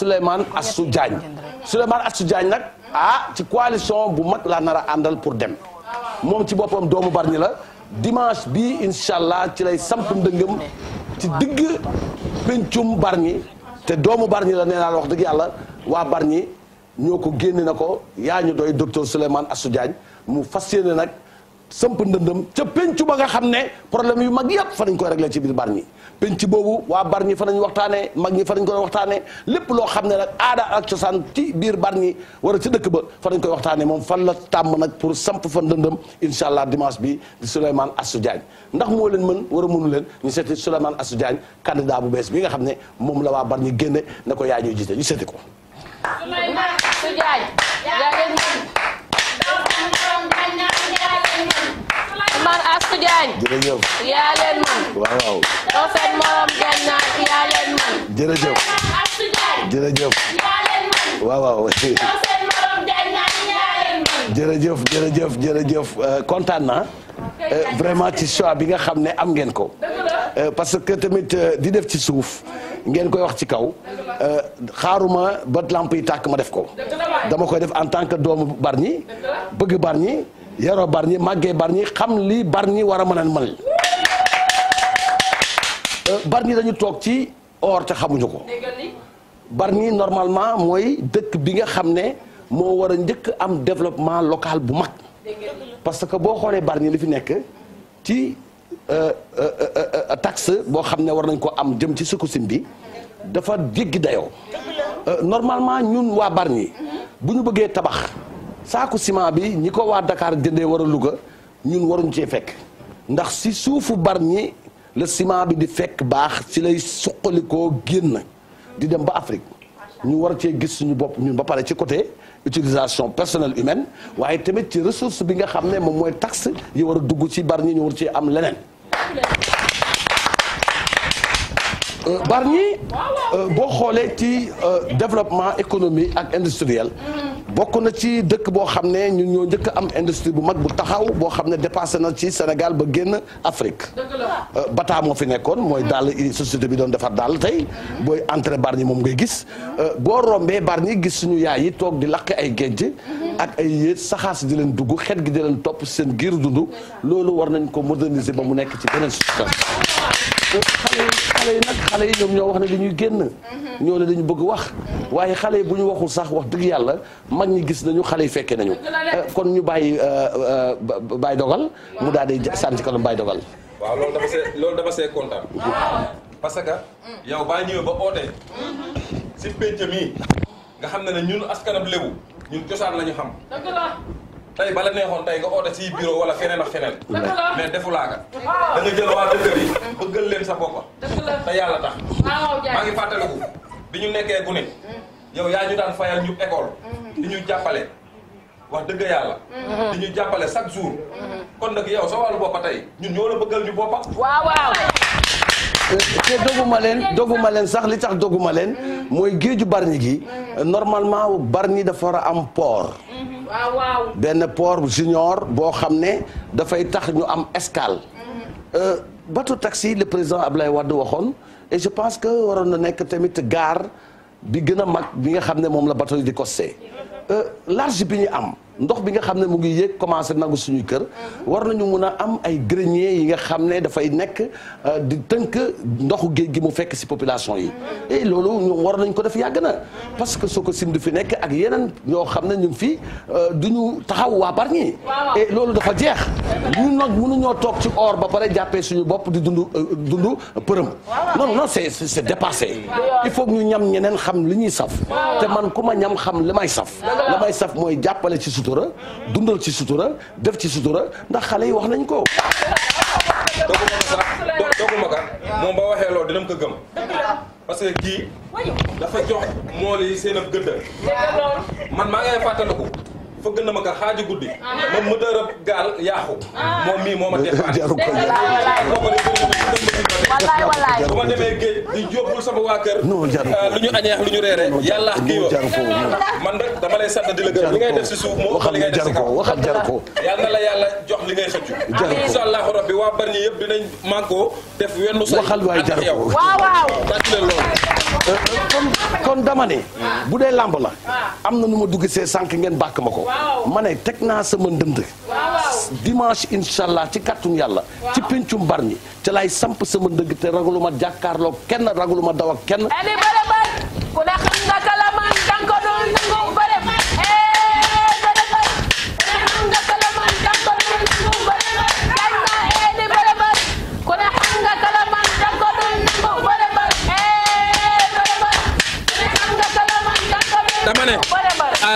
Souleymane Assou Diagne Souleymane Assou Diagne nag ah ci coalition bu mag laa nar a àndal pour dem moom ci boppam doomu barñi la dimanche bi incha allah ci lay samp ndëngëm ci digg pencum Bargny te doomu barñi la nee naa la wax dëgg yàlla waa barñi ñoo ko génne na ko yaa ñu doy docteur Souleymane Assou Diagne mu fas yéene nag. samp ndëndëm ca penc ba nga xam ne problème yu mag yëpp fa nañ rek réglé ci biir Bargny penc boobu waa Bargny fa nañ waxtaanee mag ñi fa nañ koy waxtaanee lépp loo xam ne nag aada ak cosaan ci biir Bargny war wara ci dëkk ba fa nañ koy waxtaanee moom fan la tàmm nag pour samp fa ndëndëm incha allah dimanche bi di Souleymane Assou Diagne ndax moo leen mën wara a leen ñu seeti Souleymane Assou Diagne candidat bu bees bi nga xam ne moom la waa bar ñi génne na ko yaay ñuy jiite ñu seeti ko. Ousmane Astou jërëjëf. yaa leen jërëjëf. Astou jërëjëf. jërëjëf euh, kontaan naa euh, vraiment ci choix bi nga xam ne am ngeen ko. Euh, parce que tamit di def ci suuf ngeen koy wax ci kaw xaaruma bat lamp yi tàkk ma def ko dama koy def en tant que doomu Bargny bëgg Bargny yaroo Bargny màggee Bargny xam li barni war a mën a mel euh, Bargny dañu toog ci or xamuñu ko Bargny normalement mooy dëkk bi nga xam ne moo war a njëkk am développement local bu mag parce que boo xoolee barni lu fi nekk ci euh, euh, taxe boo xam ne war nañ ko am jëm ci Sococim bi dafa jéggi dayoo normalement ñun waa Bargny bu ñu bëggee tabax saaku ciment bi ñi ko waa dakaar jëndee war a Louga ñun waruñ cee fekk ndax si suufu Bargny la ciment bi di fekk baax si lay suqalikoo génn di dem ba Afrique ñu war cee gis suñu bopp ñun ba pare ci côté utilisation personnel humaine waaye tamit ci ressource bi nga xam ne moom mooy taxe yi war a dugg ci Bargny ñu war cee am leneen. Euh, Bargny euh, boo xoolee ci euh, développement économie ak industriel bokk na ci dëkk boo xam ne ñun ñoo njëkk am industrie bu mag bu taxaw boo xam ne dépassé na ci Sénégal ba génn Afrique euh, bataa moo fi nekkoon mooy daal société bi doon defar dal tey booy entré Bargny moom ngay gis euh, boo rombee Bargny gis suñu yaay yi toog di lakk ay géej ak ay yéet saxaas di leen dugg xet gi di leen topp seen giir dund loolu war nañ ko moderniser ba mu nekk ci beneen substance xale yi xale yi nag xale yi ñoom ñoo wax na ne ñuy génn mhm. ñoo ne dañu bëgg wax mhm. waaye xale yi bu ñu waxul sax wax dëgg yàlla mag ñi gis nañu xale yi fekke nañu eh, kon ñu bàyyi euh, euh, bàyyi dogal mu daal di sànni ci kanam bàyyi dogal waaw loolu dafa see loolu parce que mm. yow baa ñëwee ba ootee mm-hmm. si pénc mi nga xam ne ne ñun askanam lébu ñun cosaan la xam tey bala neexoon tey nga oote si bureau wala feneen ak feneen. mais defulaa nga. da nga jël waa dëkk bi bëggal leen sa bopp. te yàlla tax. maa ngi fàttaliku bi ñu nekkee gune mm. yow yaa ñu daan fayal ñu école. Mm. di ñu jàppale. wax dëgg yàlla. Mm. di ñu jàppale chaque jour. kon nag yow sa wàllu boppa tey ñun ñoo la bëggal ñu boppa waaw waaw. te doguma leen doguma leen sax li tax doguma leen. mooy géeju Bargny gi. normalement Bargny dafa war a am port. waaw benn port junior boo xam ne dafay tax ñu am escale. Mhm. Euh, bateau taxi le président Ablaye Wade waxoon et je pense que waroon na nekk tamit gaar bi gën a mag bi nga xam ne moom la bateau di costé euh, large bi ñu am. ndox bi nga xam ne mu ngi yéeg commencé nag suñu kër war nañu mun a am ay grenier yi nga xam ne dafay nekk euh, di tënk ndoxu géej gi mu fekk si population yi et loolu ñoom war nañ ko def yàgg na parce que soo ko sim du fi nekk ak yeneen ñoo xam ne ñu ngi fi euh, du ñu taxaw waa Bargny et loolu dafa jeex ñun nag ñoo toog ci or ba pare jàppee suñu bopp di dundu euh, dund përëm non non c'est c'est dépassé il faut ñu ñam ñeneen xam li ñuy saf te man ku ma ñam xam li may saf li may saf mooy jàppale ci sutura sutura dundal ci sutura def ci sutura ndax xale yi wax nañ ko. dooguma ko sax ko moom ba waxee loolu dinañ ko gëm. parce que kii dafa jox mool yi seen ab man maa ngay fàttaliku. fëgg na ma ko xaaju guddi. moom moteur ab gaal yaaxu. moom mii moo ma def. jarul ko wallaay wallaay bu ma demee géej di yóbbul sama waa kër. Ah, lu ñu añeex lu ñu reeree. yàlla kii wa man da dama lay sant di la gërëm li ngay def si suuf moo waxal jarul waxal jarul yàlla la yàlla ngay xëccu. incha allahu rabbi waa Bargny yëpp def wenn say waxal waay jar ko tàcc leen loolu euh, euh, kon dama ne bu dee làmb la am na nu ma dugg see sànq ngeen bàkk ma ko ma ne teg naa sama ndënd dimanche incha allah ci kàttun yàlla ci bar Bargny ca laay samp sama ndëgg te ragalu ma jàkkaarloo kenn ragalu ma daw ak kenn ku ne xam nga kalamaan danga ko doon nangu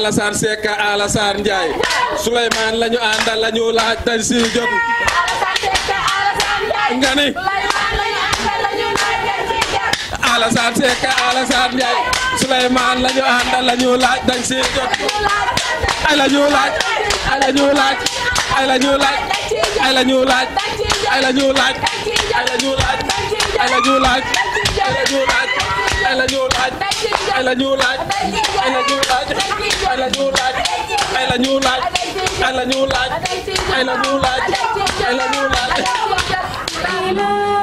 Alassane Seck Alassane Ndiaye Souleymane lañu àndal lañu laaj dañ ay lañu laaj ay ay la ñu